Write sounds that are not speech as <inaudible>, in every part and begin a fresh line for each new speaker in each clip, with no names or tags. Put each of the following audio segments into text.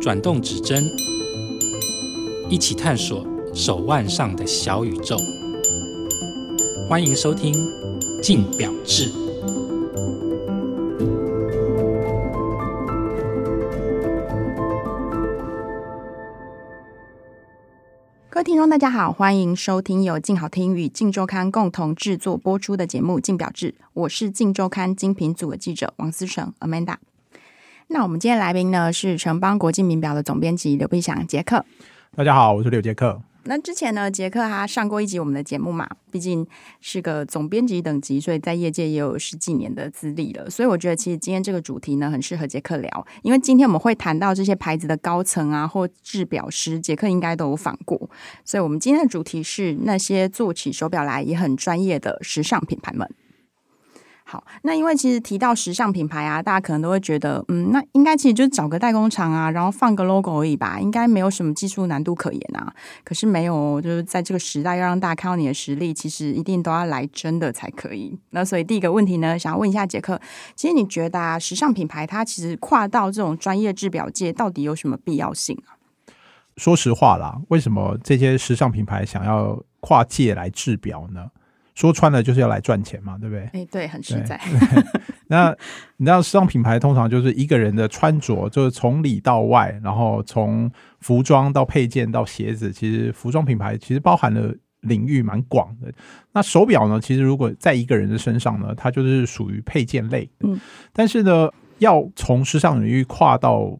轉動指針，一起探索手腕上的小宇宙。歡迎收聽《鏡錶誌》。
各位聽眾，大家好，歡迎收聽由鏡好聽與鏡週刊共同製作播出的節目《鏡錶誌》，我是鏡週刊精品組的記者王思成 Amanda。那我們今天的來賓呢，是城邦國際名表的總編輯劉必祥杰克。
大家好，我是劉杰克。
那之前呢，杰克他上過一集我們的節目嘛，畢竟是個總編輯等級，所以在業界也有十幾年的資歷了。所以我覺得其實今天這個主題呢，很適合杰克聊，因為今天我們會談到這些牌子的高層啊，或製表師，杰克應該都有訪過。所以，我們今天的主題是那些做起手表來也很專業的時尚品牌們。好，那因為其實提到時尚品牌啊，大家可能都會覺得，嗯，那應該其實就是找個代工廠啊，然後放個 logo 而已吧，應該沒有什麼技術難度可言啊。可是沒有，就是在這個時代，要讓大家看到你的實力，其實一定都要來真的才可以。那所以第一個問題呢，想要問一下杰克，其實你覺得啊，時尚品牌它其實跨到這種專業製表界，到底有什麼必要性啊？
說實話啦，為什麼這些時尚品牌想要跨界來製表呢？說穿了就是要來賺錢嘛，對不對？哎、欸，
對，很實在。
那你知道，時尚品牌通常就是一個人的穿着，就是從裡到外，然後從服裝到配件到鞋子。其實，服裝品牌其實包含的領域蠻廣的。那手錶呢？其實如果在一個人的身上呢，它就是屬於配件類。嗯，但是呢，要從時尚領域跨到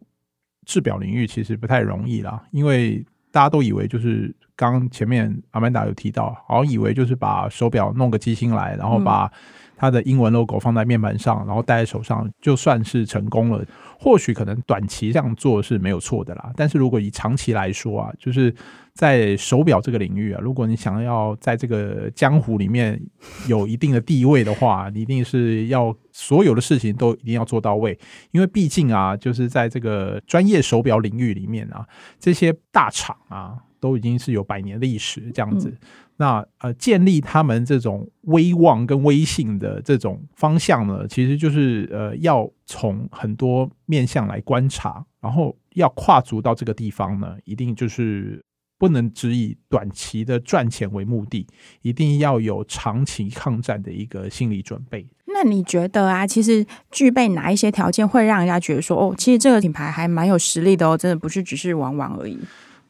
制表領域，其實不太容易啦，因為。大家都以為就是剛前面阿曼達有提到，好像以為就是把手表弄個機芯來，然後把。嗯它的英文 logo 放在面板上，然後戴在手上，就算是成功了。或許可能短期這樣做是沒有錯的啦，但是如果以長期來說啊，就是在手錶這個領域啊，如果你想要在這個江湖裡面有一定的地位的話， <laughs> 你一定是要所有的事情都一定要做到位，因為畢竟啊，就是在這個專業手錶領域裡面啊，這些大廠啊都已經是有百年歷史這樣子。嗯那呃，建立他們這種威望跟威信的這種方向呢，其實就是呃，要從很多面向來觀察，然後要跨足到這個地方呢，一定就是不能只以短期的賺錢為目的，一定要有長期抗戰的一個心理準備。
那你覺得啊，其實具備哪一些條件會讓人家覺得說，哦，其實這個品牌還蠻有實力的哦，真的不是只是玩玩而已。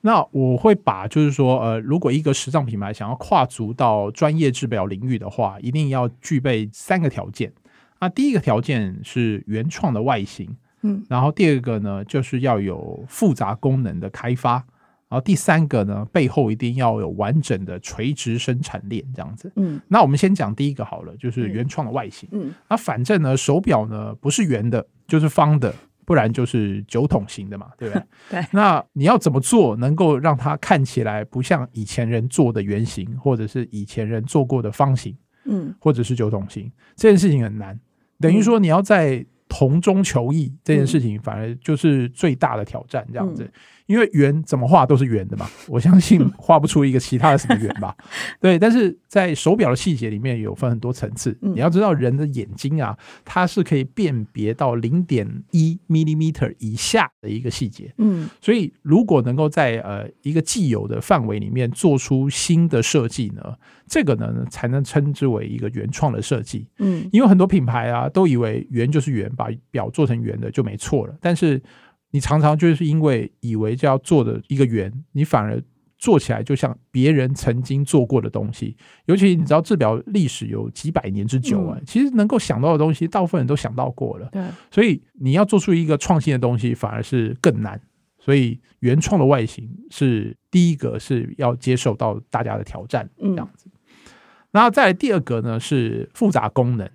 那我會把就是說，呃，如果一個時尚品牌想要跨足到專業制表領域的話，一定要具備三個條件。那第一個條件是原創的外形，嗯，然後第二個呢，就是要有複雜功能的開發，然後第三個呢，背後一定要有完整的垂直生產鏈，這樣子，嗯。那我們先講第一個好了，就是原創的外形，嗯。那反正呢，手表呢，不是圓的，就是方的。不然就是酒桶型的嘛，對不對？ <laughs> 對，那你要怎麼做能夠讓它看起來不像以前人做的圓形，或者是以前人做過的方形，嗯，或者是酒桶型。這件事情很難，等於說你要在。同中求異這件事情反而就是最大的挑戰，這樣子，因為圓怎麼畫都是圓的嘛，我相信畫不出一個其他的什麼圓吧，對。但是在手錶的細節裡面有分很多層次，你要知道人的眼睛啊，它是可以辨別到零點一 millimeter 以下的一個細節，嗯，所以如果能夠在呃一個既有的範圍裡面做出新的設計呢，這個呢，才能稱之為一個原創的設計。嗯，因為很多品牌啊，都以為圓就是圓，把表做成圓的就沒錯了。但是你常常就是因為以為就要做的一個圓，你反而做起來就像別人曾經做過的東西。尤其你知道製表歷史有幾百年之久啊，欸，嗯，其實能夠想到的東西，大部分人都想到過了。對，所以你要做出一個創新的東西，反而是更難。所以原創的外形是第一個是要接受到大家的挑戰這樣子。嗯那再來第二個呢是複雜功能，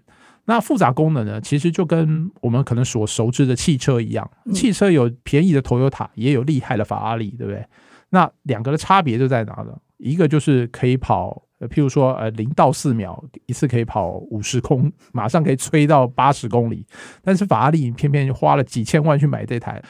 那複雜功能呢，其實就跟我們可能所熟知的汽車一樣，嗯、汽車有便宜的 Toyota，也有厲害的法拉利，對不對？那兩個的差別就在哪呢？一個就是可以跑，呃、譬如說呃零到四秒一次可以跑五十公，馬上可以吹到八十公里，但是法拉利偏偏就花了幾千萬去買這台，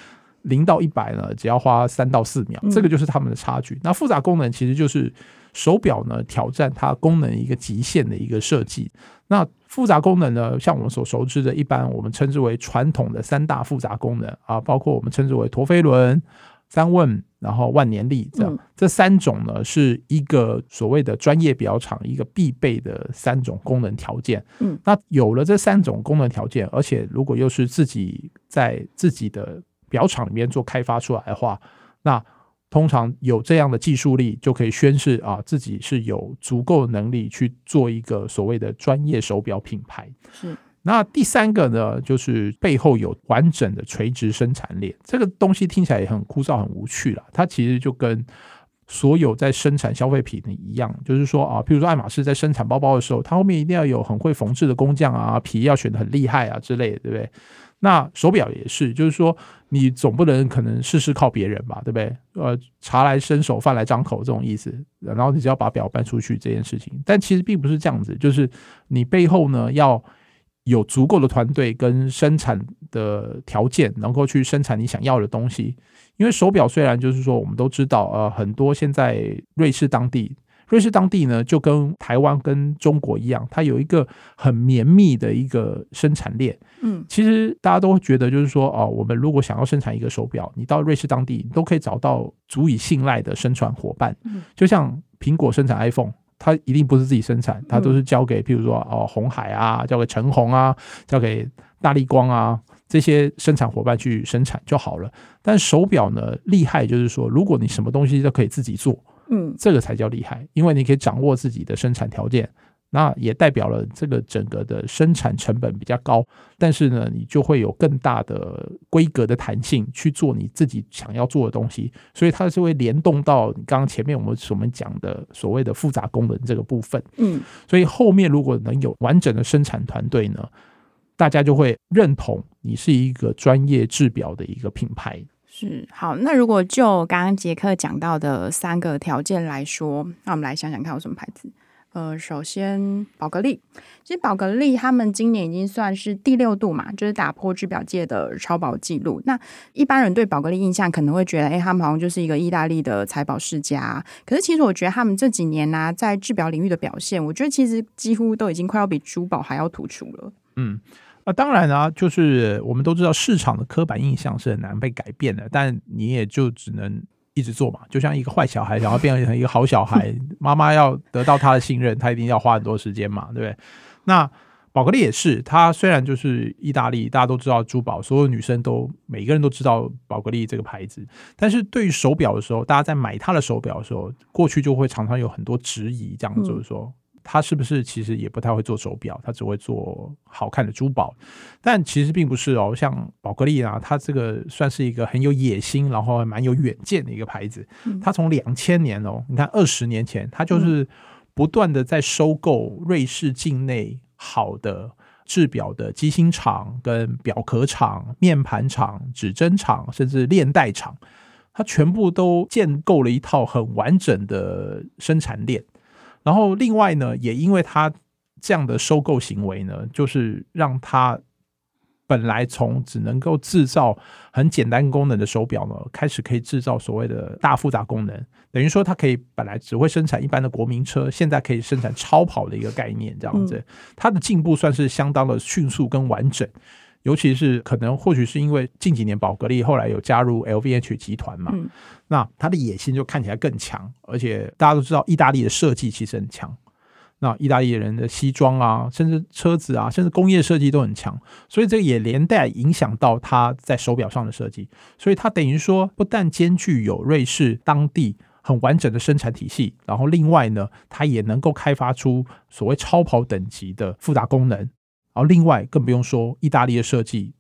零到一百呢只要花三到四秒，嗯、這個就是他們的差距。那複雜功能其實就是。手錶呢，挑戰它功能一個極限的一個設計。那複雜功能呢，像我們所熟知的，一般我們稱之為傳統的三大複雜功能啊，包括我們稱之為陀飛輪、三問，然後萬年曆這樣。嗯，這三種呢，是一個所謂的專業錶廠一個必備的三種功能條件。嗯，嗯，那有了這三種功能條件，而且如果又是自己在自己的錶廠裡面做開發出來的話，那。通常有這樣的技術力，就可以宣示啊，自己是有足夠的能力去做一個所謂的專業手表品牌。是。那第三個呢，就是背後有完整的垂直生產鏈。這個東西聽起來也很枯燥，很無趣啦。它其實就跟所有在生產消費品的一樣，就是說啊，譬如說愛馬仕在生產包包的時候，它後面一定要有很會縫制的工匠啊，皮要選得很厲害啊之類的，對不對？那手錶也是，就是說你總不能可能事事靠別人吧，對不對？呃，茶來伸手，飯來張口這種意思。然後你只要把錶搬出去這件事情，但其實並不是這樣子，就是你背後呢要有足夠的團隊跟生產的條件，能夠去生產你想要的東西。因為手錶雖然就是說我們都知道，呃，很多現在瑞士當地。瑞士當地呢，就跟台灣跟中國一樣，它有一個很綿密的一個生產鏈。嗯，其實大家都會覺得，就是說，哦，我們如果想要生產一個手表，你到瑞士當地，你都可以找到足以信賴的生產夥伴。嗯，就像蘋果生產 iPhone，它一定不是自己生產，它都是交給，譬如說，哦，鴻海啊，交給陳紅啊，交給大立光啊這些生產夥伴去生產就好了。但手表呢，厲害就是說，如果你什麼東西都可以自己做。嗯，這個才叫厲害，因為你可以掌握自己的生產條件，那也代表了這個整個的生產成本比較高，但是呢，你就會有更大的規格的彈性去做你自己想要做的東西，所以它是會聯動到你剛剛前面我們所講的所謂的複雜功能這個部分。嗯，所以後面如果能有完整的生產團隊呢，大家就會認同你是一個專業製表的一個品牌。
是好，那如果就剛剛傑克講到的三個條件來說，那我們來想想看有什麼牌子。呃，首先寶格麗，其實寶格麗他們今年已經算是第六度嘛，就是打破製錶界的超薄記錄那一般人對寶格麗印象可能會覺得，哎、欸，他們好像就是一個意大利的財寶世家。可是其實我覺得他們這幾年呢、啊，在製錶領域的表現，我覺得其實幾乎都已經快要比珠寶還要突出了。
嗯。那、啊、當然啊，就是我們都知道市場的刻板印象是很難被改變的，但你也就只能一直做嘛。就像一個壞小孩想要變成一個好小孩，媽媽 <laughs> 要得到他的信任，他一定要花很多時間嘛，對不對？那寶格麗也是，它雖然就是意大利，大家都知道珠寶，所有女生都，每個人都知道寶格麗這個牌子，但是對於手錶的時候，大家在買它的手錶的時候，過去就會常常有很多質疑，這樣子就是說。嗯他是不是其實也不太會做手錶，他只會做好看的珠寶。但其實並不是哦、喔，像寶格麗啊，它這個算是一個很有野心，然後還蠻有遠見的一個牌子。嗯、它從兩千年哦、喔，你看二十年前，它就是不斷的在收購瑞士境內好的制表的機芯廠、跟錶殼廠、面盤廠、指針廠，甚至鏈帶廠，它全部都建構了一套很完整的生產鏈。然後，另外呢，也因為它這樣的收購行為呢，就是讓它本來從只能夠製造很簡單功能的手錶呢，開始可以製造所謂的大複雜功能，等於說它可以本來只會生產一般的國民車，現在可以生產超跑的一個概念這樣子，它的進步算是相當的迅速跟完整。尤其是可能，或許是因為近幾年寶格麗後來有加入 LVMH 集團嘛，嗯、那它的野心就看起來更強。而且大家都知道，意大利的設計其實很強，那意大利人的西裝啊，甚至車子啊，甚至工業設計都很強，所以這個也連帶影響到它在手表上的設計。所以它等於說，不但兼具有瑞士當地很完整的生產體系，然後另外呢，它也能夠開發出所謂超跑等級的複雜功能。而另外更不用說意大利的設計，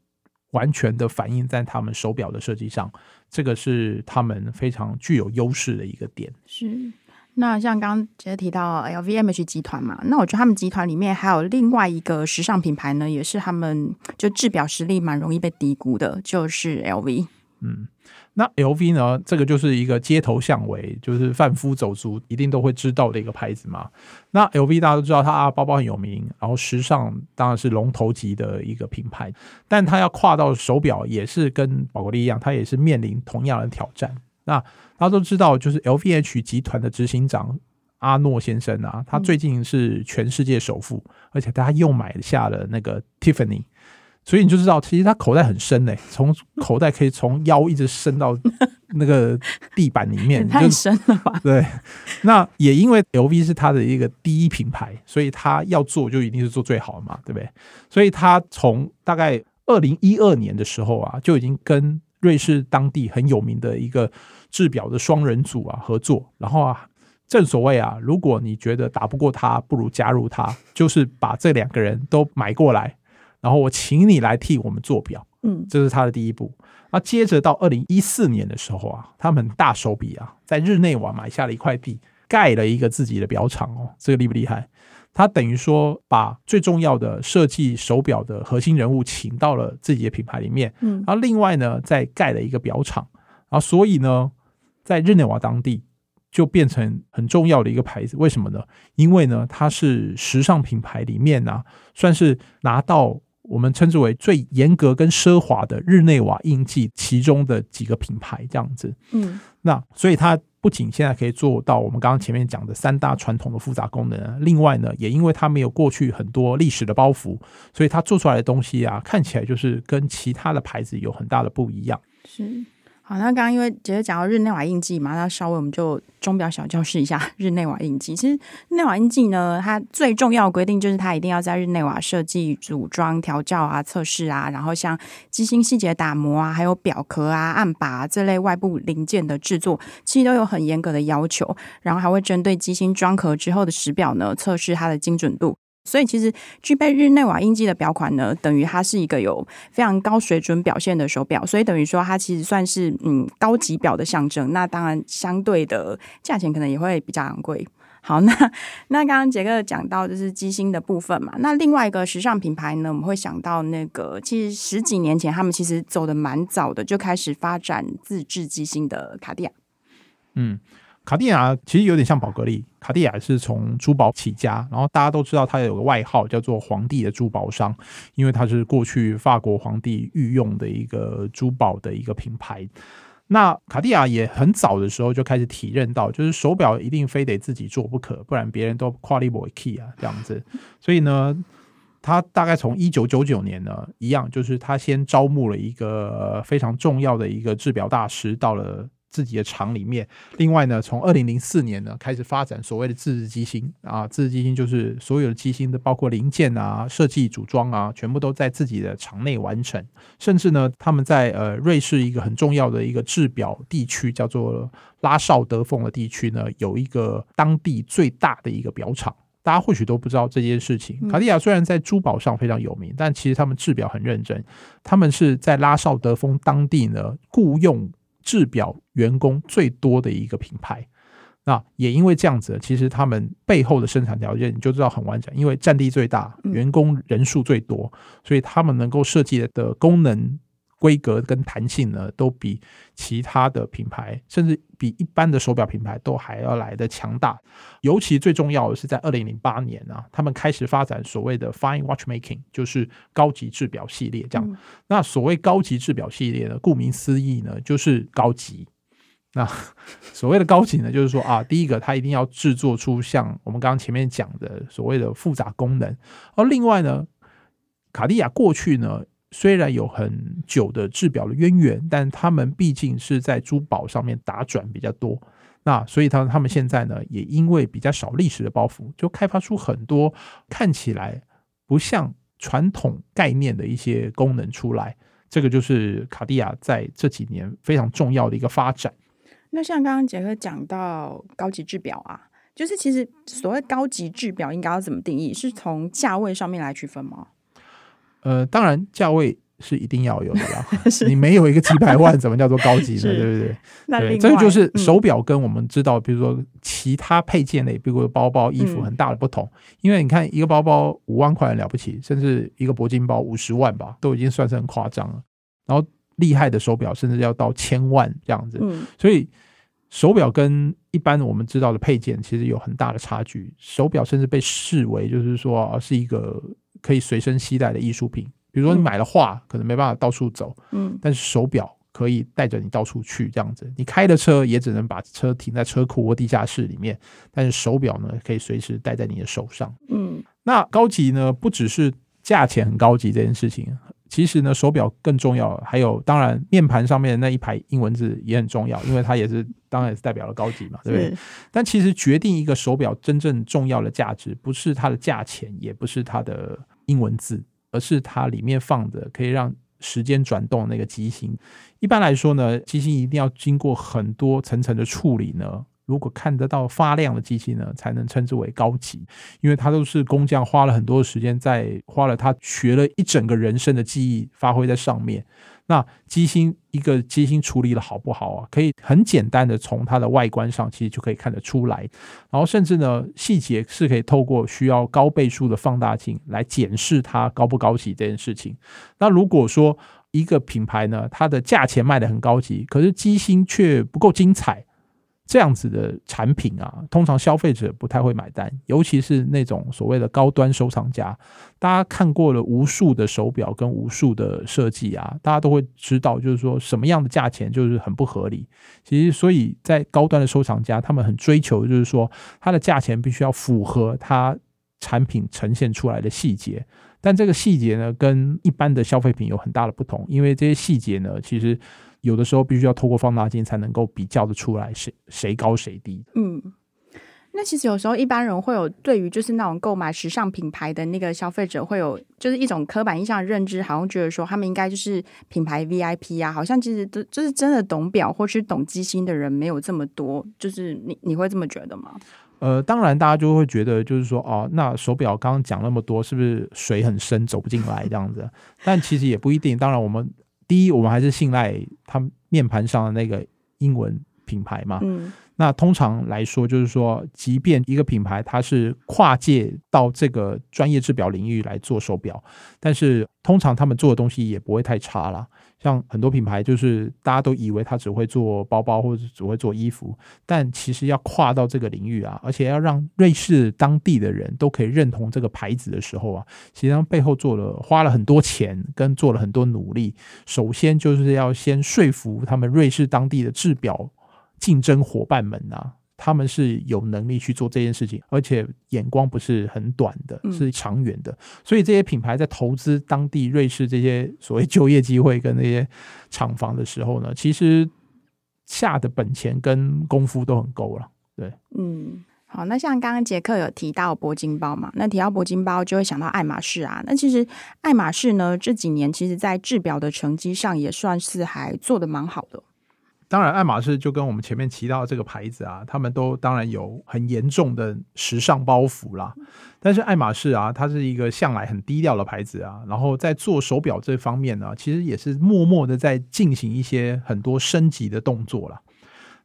完全的反映在他們手表的設計上，這個是他們非常具有優勢的一個點。
是。那像剛剛直接提到 LVMH 集團嘛？那我覺得他們集團裡面還有另外一個時尚品牌呢，也是他們就制表實力蠻容易被低估的，就是 LV。嗯。
那 L V 呢？這個就是一個街頭巷尾，就是販夫走卒一定都會知道的一個牌子嘛。那 L V 大家都知道他、啊，它包包很有名，然後時尚當然是龍頭級的一個品牌。但它要跨到手錶，也是跟寶格麗一樣，它也是面臨同樣的挑戰。那大家都知道，就是 L V H 集團的執行長阿諾先生啊，他最近是全世界首富，而且他又買下了那個 Tiffany。所以你就知道，其實他口袋很深耶，從口袋可以從腰一直伸到那個地板裡面， <laughs> 太深了吧？對，那也因為 LV 是他的一個第一品牌，所以他要做就一定是做最好的嘛，對不對？所以他從大概二零一二年的時候啊，就已經跟瑞士當地很有名的一個製錶的雙人組啊合作，然後啊，正所謂啊，如果你覺得打不過他，不如加入他，就是把這兩個人都買過來。然後我請你來替我們做錶，嗯，這是他的第一步。那、嗯、接着到二零一四年的時候啊，他們大手筆啊，在日內瓦買下了一塊地，蓋了一個自己的表廠哦，這個厲不厲害？他等於說把最重要的設計手表的核心人物請到了自己的品牌裡面，嗯，然後另外呢，再蓋了一個表廠，然後所以呢，在日內瓦當地就變成很重要的一個牌子。為什麼呢？因為呢，它是時尚品牌裡面呢、啊，算是拿到。我們稱之為最嚴格跟奢華的日內瓦印記，其中的幾個品牌這樣子。嗯，那所以它不僅現在可以做到我們剛剛前面講的三大傳統的複雜功能啊，另外呢，也因為它沒有過去很多歷史的包袱，所以它做出來的東西啊，看起來就是跟其他的牌子有很大的不一樣。
是。好，那剛剛因為直接講到日內瓦印記嘛，那稍微我們就鐘錶小教室一下日內瓦印記。其實日內瓦印記呢，它最重要的規定就是它一定要在日內瓦設計、組裝、調校啊、測試啊，然後像機芯細節打磨啊，還有錶殼啊、按把、啊、這類外部零件的製作，其實都有很嚴格的要求。然後還會針對機芯裝殼之後的時錶呢，測試它的精準度。所以其實具備日內瓦印記的錶款呢，等於它是一個有非常高水準表現的手表，所以等於說它其實算是嗯高級表的象徵。那當然相對的價錢可能也會比較昂貴。好，那那剛剛杰哥講到就是機芯的部分嘛，那另外一個時尚品牌呢，我們會想到那個，其實十幾年前他們其實走得蠻早的，就開始發展自制機芯的卡地亞。嗯。
卡地亞其實有點像寶格麗，卡地亞是從珠寶起家，然後大家都知道它有個外號叫做“皇帝的珠寶商”，因為它是過去法國皇帝御用的一個珠寶的一個品牌。那卡地亞也很早的時候就開始體認到，就是手表一定非得自己做不可，不然別人都看你無起啊這樣子。所以呢，他大概從一九九九年呢，一樣就是他先招募了一個非常重要的一個制表大師到了。自己的廠裡面，另外呢，從二零零四年呢開始發展所謂的自製機芯啊，自製機芯就是所有的機芯的，包括零件啊、設計、組裝啊，全部都在自己的廠內完成。甚至呢，他們在呃瑞士一個很重要的一個製錶地區，叫做拉紹德封的地區呢，有一個當地最大的一個錶廠。大家或許都不知道這件事情。嗯。卡地亞雖然在珠寶上非常有名，但其實他們製錶很認真。他們是在拉紹德封當地呢僱用。製錶員工最多的一個品牌，那也因為這樣子，其實他們背後的生產條件你就知道很完整，因為占地最大，員工人數最多，所以他們能夠設計的功能、規格跟彈性呢，都比其他的品牌，甚至比一般的手錶品牌都還要來得強大。尤其最重要的是，在二零零八年啊，他們開始發展所謂的 Fine Watchmaking，就是高級製錶系列。這樣，嗯、那所謂高級製錶系列呢，顧名思義呢，就是高級。那所謂的高級呢， <laughs> 就是說啊，第一個，它一定要制作出像我們剛剛前面講的所謂的複雜功能。而另外呢，卡地亞過去呢。雖然有很久的製錶的淵源，但他們畢竟是在珠寶上面打轉比較多，那所以他他們現在呢，也因為比較少歷史的包袱，就開發出很多看起來不像傳統概念的一些功能出來。這個就是卡地亞在這幾年非常重要的一個發展。
那像剛剛傑克講到高級製錶啊，就是其實所謂高級製錶應該要怎麼定義？是從價位上面來區分嗎？
呃，當然，價位是一定要有的啦。 <laughs> 是 你沒有一個幾百萬，怎麼叫做高級呢？ <laughs> 是 對不對？那
對這個就是
手表跟我們知道的，比如說其他配件類，嗯、比如說包包、衣服，很大的不同。因為你看，一個包包五萬塊很了不起，甚至一個鉑金包五十萬吧，都已經算是很誇張了。然後厲害的手表，甚至要到千萬這樣子。嗯、所以手表跟一般我們知道的配件其實有很大的差距。手表甚至被視為，就是說、啊、是一個。可以隨身攜帶的藝術品，比如說你買了畫，嗯、可能沒辦法到處走，嗯，但是手錶可以帶着你到處去這樣子。你開的車也只能把車停在車庫或地下室裡面，但是手錶呢，可以隨時戴在你的手上，嗯。那高級呢，不只是價錢很高級這件事情，其實呢，手錶更重要。還有，當然，面盤上面的那一排英文字也很重要，因為它也是當然也是代表了高級嘛，對不對？是 但其實決定一個手錶真正重要的價值，不是它的價錢，也不是它的。英文字，而是它裡面放的可以讓時間轉動那個機芯。一般來說呢，機芯一定要經過很多層層的處理呢。如果看得到發亮的機器呢，才能稱之為高級，因為它都是工匠花了很多的時間，在花了他學了一整個人生的技藝，發揮在上面。那機芯一個機芯處理的好不好啊，可以很簡單的從它的外觀上其實就可以看得出來，然後甚至呢細節是可以透過需要高倍數的放大鏡來檢視它高不高級這件事情。那如果說一個品牌呢，它的價錢賣得很高級，可是機芯卻不夠精彩。這樣子的產品啊，通常消費者不太會買單，尤其是那種所謂的高端收藏家。大家看過了無數的手錶跟無數的設計啊，大家都會知道，就是說什麼樣的價錢就是很不合理。其實，所以在高端的收藏家，他們很追求，就是說它的價錢必須要符合它產品呈現出來的細節。但這個細節呢，跟一般的消費品有很大的不同，因為這些細節呢，其實。有的時候必須要透過放大鏡才能夠比較的出來誰誰高誰低。嗯，
那其實有時候一般人會有對於就是那種購買時尚品牌的那個消費者會有就是一種刻板印象的認知，好像覺得說他們應該就是品牌 VIP 啊，好像其實都就是真的懂表或是懂機芯的人沒有這麼多。就是你你會這麼覺得嗎？
呃，當然大家就會覺得就是說哦、啊，那手表剛剛講那麼多，是不是水很深走不進來這樣子？ <laughs> 但其實也不一定。當然我們。第一，我們還是信賴他們面盤上的那個英文品牌嘛。嗯，那通常來說，就是說，即便一個品牌它是跨界到這個專業制表領域來做手表，但是通常他們做的東西也不會太差啦。像很多品牌，就是大家都以為他只會做包包或者只會做衣服，但其實要跨到這個領域啊，而且要讓瑞士當地的人都可以認同這個牌子的時候啊，實際上背後做了花了很多錢跟做了很多努力。首先就是要先說服他們瑞士當地的製錶競爭夥伴們吶、啊。他們是有能力去做這件事情，而且眼光不是很短的，是長遠的。嗯、所以這些品牌在投資當地瑞士這些所謂就業機會跟那些廠房的時候呢，其實下的本錢跟功夫都很夠了。對，
嗯，好。那像剛剛杰克有提到柏金包嘛？那提到柏金包就會想到愛馬仕啊。那其實愛馬仕呢，這幾年其實在制表的成績上也算是還做得蠻好的。
當然，愛馬仕就跟我們前面提到這個牌子啊，他們都當然有很嚴重的時尚包袱啦。但是愛馬仕啊，它是一個向來很低調的牌子啊。然後在做手表這方面呢、啊，其實也是默默的在進行一些很多升級的動作啦。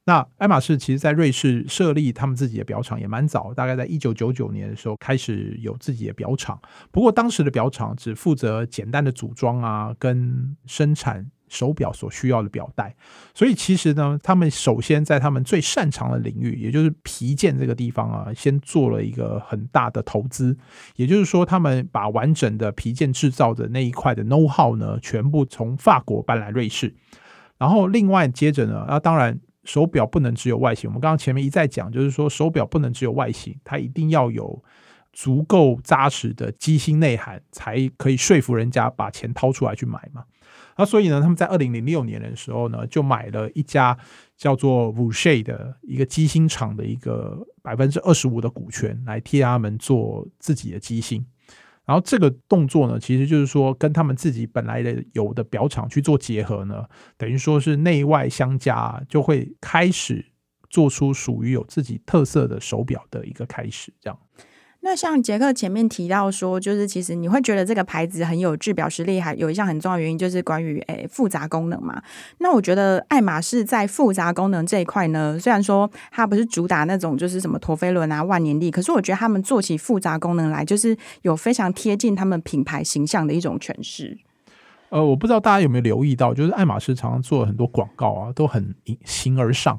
那愛馬仕其實在瑞士設立他們自己的表廠也蠻早，大概在一九九九年的時候開始有自己的表廠。不過當時的表廠只負責簡單的組裝啊，跟生產。手錶所需要的錶帶，所以其實呢，他們首先在他們最擅長的領域，也就是皮件這個地方啊，先做了一個很大的投資。也就是說，他們把完整的皮件製造的那一塊的 know how 呢，全部從法國搬來瑞士。然後另外接着呢，啊，當然手錶不能只有外形，我們剛剛前面一再講，就是說手錶不能只有外形，它一定要有足夠紮實的機芯內涵，才可以說服人家把錢掏出來去買嘛。那、啊、所以呢，他們在二零零六年的時候呢，就買了一家叫做 Vaucher 的，一個機芯廠的一個百分之二十五的股權，來替他們做自己的機芯。然後這個動作呢，其實就是說跟他們自己本來的有的錶廠去做結合呢，等於說是內外相加，就會開始做出屬於有自己特色的手錶的一個開始，這樣。
那像傑克前面提到說，就是其實你會覺得這個牌子很有製錶實力，還有一項很重要原因就是關於誒複雜功能嘛。那我覺得愛馬仕在複雜功能這一塊呢，雖然說它不是主打那種就是什麼陀飛輪啊萬年曆，可是我覺得他們做起複雜功能來，就是有非常貼近他們品牌形象的一種詮釋。
呃，我不知道大家有沒有留意到，就是愛馬仕常常做很多廣告啊，都很形而上。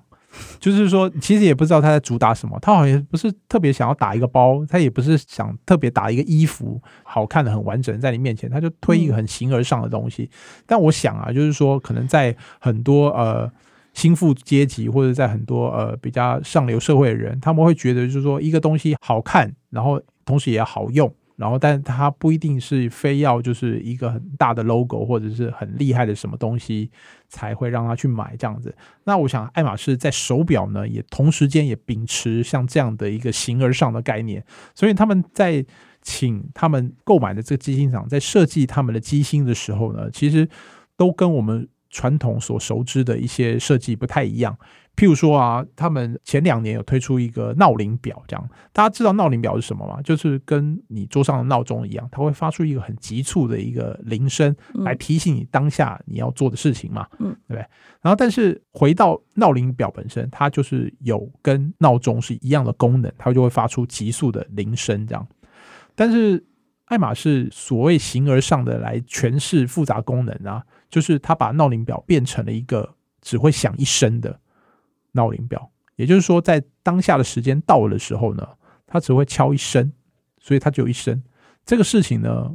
就是說，其實也不知道他在主打什麼。他好像不是特別想要打一個包，他也不是想特別打一個衣服好看的很完整在你面前，他就推一個很形而上的東西。嗯。但我想啊，就是說，可能在很多呃新富階級，或者在很多呃比較上流社會的人，他們會覺得就是說一個東西好看，然後同時也好用。然後，但是它不一定是非要就是一個很大的 logo 或者是很厲害的什麼東西才會讓他去買這樣子。那我想，愛馬仕在手錶呢，也同時間也秉持像這樣的一個形而上的概念，所以他們在請他們購買的這個機芯廠在設計他們的機芯的時候呢，其實都跟我們。傳統所熟知的一些設計不太一樣，譬如說啊，他們前兩年有推出一個鬧鈴錶，這樣大家知道鬧鈴錶是什麼嗎？就是跟你桌上的鬧鐘一樣，它會發出一個很急促的一個鈴聲來提醒你當下你要做的事情嘛，嗯，對不對？然後，但是回到鬧鈴錶本身，它就是有跟鬧鐘是一樣的功能，它就會發出急速的鈴聲這樣。但是，愛馬仕所謂形而上的來詮釋複雜功能啊。就是他把鬧鈴錶變成了一個只會響一聲的鬧鈴錶，也就是說，在當下的時間到了的時候呢，它只會敲一聲，所以它只有一聲。這個事情呢，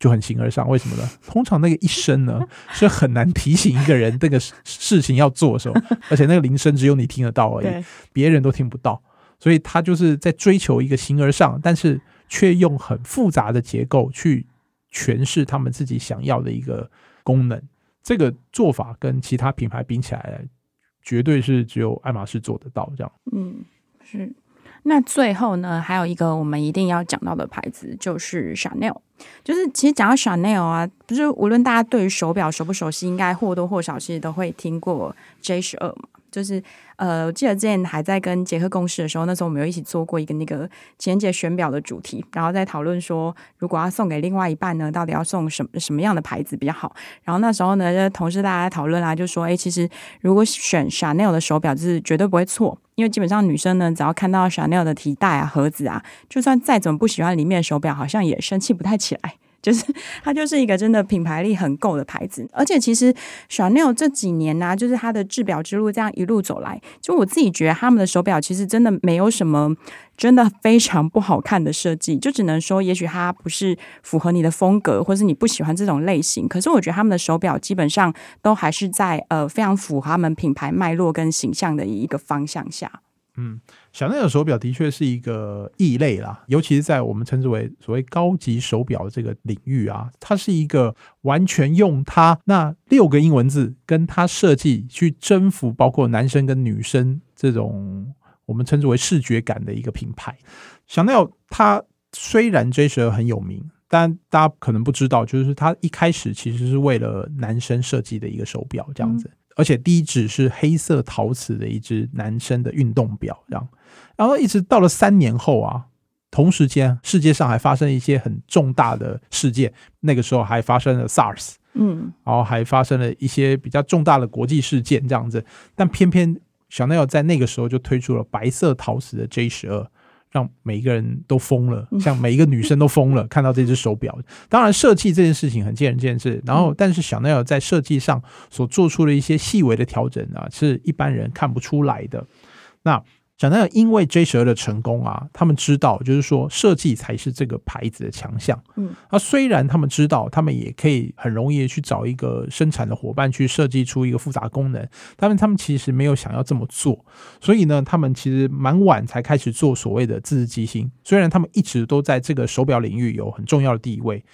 就很形而上。為什麼呢？通常那個一聲呢，是很難提醒一個人這個事情要做的時候，而且那個鈴聲只有你聽得到而已，別人都聽不到。所以他就是在追求一個形而上，但是卻用很複雜的結構去詮釋他們自己想要的一個。功能，這個做法跟其他品牌比起來，絕對是只有愛馬仕做得到這樣。
嗯，是。那最後呢，還有一個我們一定要講到的牌子就是 Chanel，就是其實講到 Chanel 啊，不是無論大家對於手錶熟不熟悉，應該或多或少其實都會聽過 J12 嘛。就是，呃，我記得之前還在跟傑克共事的時候，那時候我們有一起做過一個那個情人節選錶的主題，然後在討論說，如果要送給另外一半呢，到底要送什麼什麼樣的牌子比較好？然後那時候呢，就同事大家在討論啊，就說，哎、欸，其實如果選 Chanel 的手錶，就是絕對不會錯，因為基本上女生呢，只要看到 Chanel 的提袋啊、盒子啊，就算再怎麼不喜歡裡面的手錶，好像也生氣不太起來。就是它就是一個真的品牌力很夠的牌子，而且其實小 n e 這幾年呢、啊，就是它的制表之路這樣一路走來，就我自己覺得他們的手表其實真的沒有什麼真的非常不好看的設計，就只能說也許它不是符合你的風格，或是你不喜歡這種類型。可是我覺得他們的手表基本上都還是在呃非常符合他們品牌脈絡跟形象的一個方向下。
嗯，香奈兒手錶的確是一個異類啦，尤其是在我們稱之為所謂高級手錶這個領域啊，它是一個完全用它那六個英文字跟它設計去征服包括男生跟女生這種我們稱之為視覺感的一個品牌。 <music> 香奈兒它雖然 J12 很有名，但大家可能不知道，就是它一開始其實是為了男生設計的一個手錶這樣子。嗯而且第一隻是黑色陶瓷的一隻男生的運動錶，這樣，然後一直到了三年後啊，同時間世界上還發生一些很重大的事件，那個時候還發生了 SARS，嗯，然後還發生了一些比較重大的國際事件這樣子，嗯、但偏偏香奈兒在那個時候就推出了白色陶瓷的 J 十二。讓每一個人都瘋了，像每一個女生都瘋了， <laughs> 看到這隻手表。當然，設計這件事情很見仁見智。然後，但是香奈兒在設計上所做出的一些細微的調整啊，是一般人看不出來的。那。講到因為 J 十二的成功啊，他們知道，就是說設計才是這個牌子的強項。嗯，啊，雖然他們知道，他們也可以很容易去找一個生產的伙伴去設計出一個複雜功能，但是他們其實沒有想要這麼做。所以呢，他們其實蠻晚才開始做所謂的自制機芯。雖然他們一直都在這個手表領域有很重要的地位，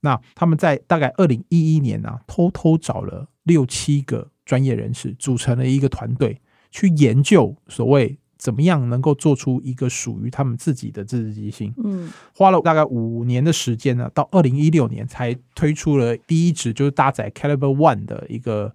那他們在大概二零一一年啊，偷偷找了六七個專業人士，組成了一個團隊去研究所謂。怎麼樣能夠做出一個屬於他們自己的自制機芯？嗯，花了大概五年的時間呢，啊，到二零一六年才推出了第一隻，就是搭載 Caliber One 的一個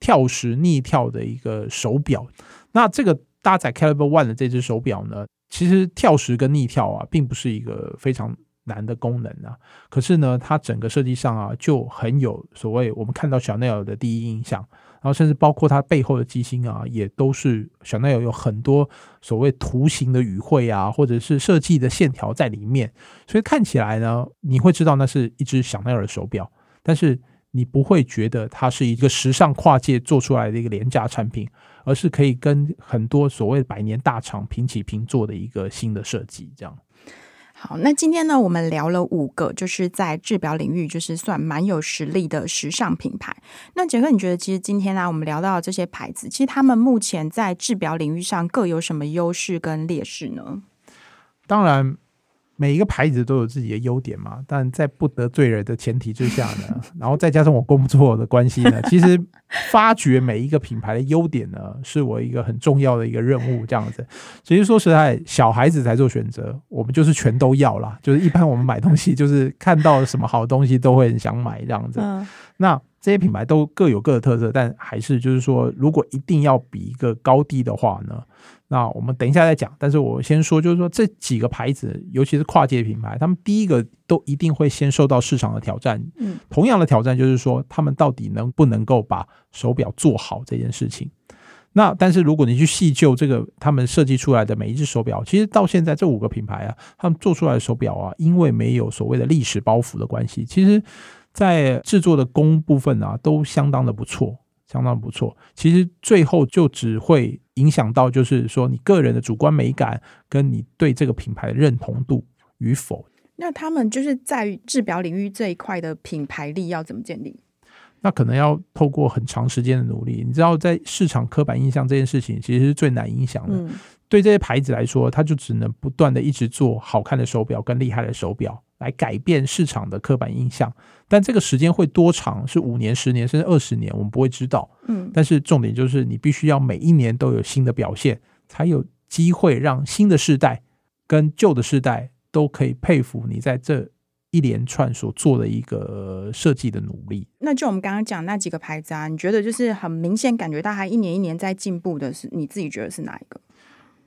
跳時逆跳的一個手錶。那這個搭載 Caliber One 的這隻手錶呢，其實跳時跟逆跳啊，並不是一個非常難的功能啊。可是呢，它整個設計上啊，就很有所謂我們看到 Chanel 的第一印象。然後，甚至包括它背後的機芯啊，也都是香奈兒有很多所謂圖形的語彙啊，或者是設計的線條在裡面，所以看起來呢，你會知道那是一隻香奈兒的手錶，但是你不會覺得它是一個時尚跨界做出來的一個廉價產品，而是可以跟很多所謂百年大廠平起平坐的一個新的設計，這樣。
好，那今天呢，我們聊了五個，就是在製錶領域，就是算蠻有實力的時尚品牌。那傑克，你覺得其實今天呢、啊，我們聊到這些牌子，其實他們目前在製錶領域上各有什麼優勢跟劣勢呢？
當然。每一個牌子都有自己的優點嘛，但在不得罪人的前提之下呢， <laughs> 然後再加上我工作的關係呢，其實發掘每一個品牌的優點呢，是我一個很重要的一個任務。這樣子，其實說實在，小孩子才做選擇，我們就是全都要啦。就是一般我們買東西，就是看到了什麼好東西都會很想買這樣子。嗯、那。這些品牌都各有各的特色，但還是就是說，如果一定要比一個高低的話呢，那我們等一下再講。但是我先說，就是說這幾個牌子，尤其是跨界品牌，他們第一個都一定會先受到市場的挑戰。嗯，同樣的挑戰就是說，他們到底能不能夠把手錶做好這件事情？那但是如果你去細究這個他們設計出來的每一隻手錶，其實到現在這五個品牌啊，他們做出來的手錶啊，因為沒有所謂的歷史包袱的關係，其實。在制作的工部分啊，都相當的不錯，相當不錯。其實最後就只會影響到，就是說你個人的主觀美感跟你對這個品牌的認同度與否。
那他們就是在於制表領域這一塊的品牌力要怎麼建立？
那可能要透過很長時間的努力。你知道，在市場刻板印象這件事情，其實是最難影響的。嗯、對這些牌子來說，它就只能不斷地一直做好看的手表，跟厲害的手表，來改變市場的刻板印象。但這個時間會多長？是五年、十年，甚至二十年，我們不會知道。嗯，但是重點就是你必須要每一年都有新的表現，才有機會讓新的世代跟舊的世代都可以佩服你在這一連串所做的一個設計的努力。
那就我們剛剛講那幾個牌子啊，你覺得就是很明顯感覺到它一年一年在進步的是，你自己覺得是哪一個？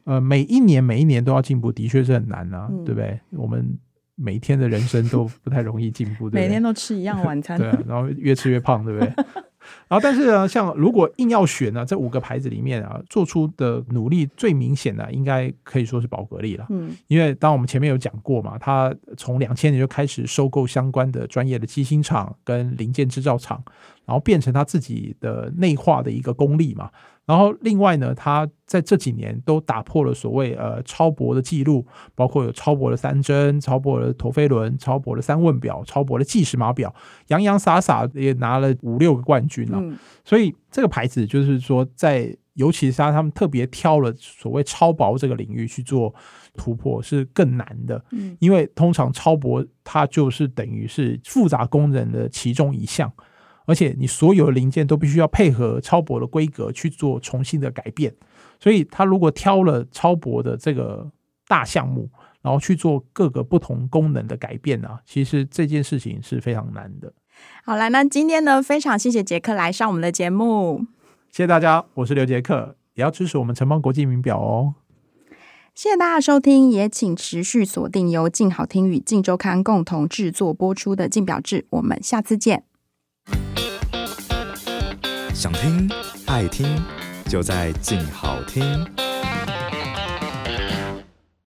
呃，每一年每一年都要進步，的確是很難啊，嗯、對不對？我們。每天的人生都不太容易進步， <laughs> 每天
都吃一樣晚餐， <laughs> 對、啊，
然後越吃越胖，對不對？ <laughs> 然後，但是呢，像如果硬要選呢、啊，這五個牌子裡面啊，做出的努力最明顯的、啊，應該可以說是寶格麗了，嗯，因為當我們前面有講過嘛，他從兩千年就開始收購相關的專業的機芯廠跟零件製造廠，然後變成他自己的內化的一個功力嘛。然後另外呢，他在這幾年都打破了所謂呃超薄的記錄，包括有超薄的三針、超薄的陀飛輪、超薄的三問表、超薄的計時碼表，洋洋灑灑灑也拿了五六個冠軍了啊。嗯。所以這個牌子就是說，在尤其是他他們特別挑了所謂超薄這個領域去做突破是更難的，因為通常超薄它就是等於是複雜功能的其中一項。而且你所有的零件都必須要配合超薄的規格去做重新的改變，所以他如果挑了超薄的這個大項目，然後去做各個不同功能的改變呢、啊，其實這件事情是非常難的。
好了，那今天呢，非常謝謝杰克來上我們的節目，
謝謝大家，我是劉杰克，也要支持我們城邦國際名表哦。謝
謝大家收聽，也請持續鎖定由鏡好聽與鏡週刊共同製作播出的《鏡錶誌》，我們下次見。想聽、愛聽，就在靜好聽。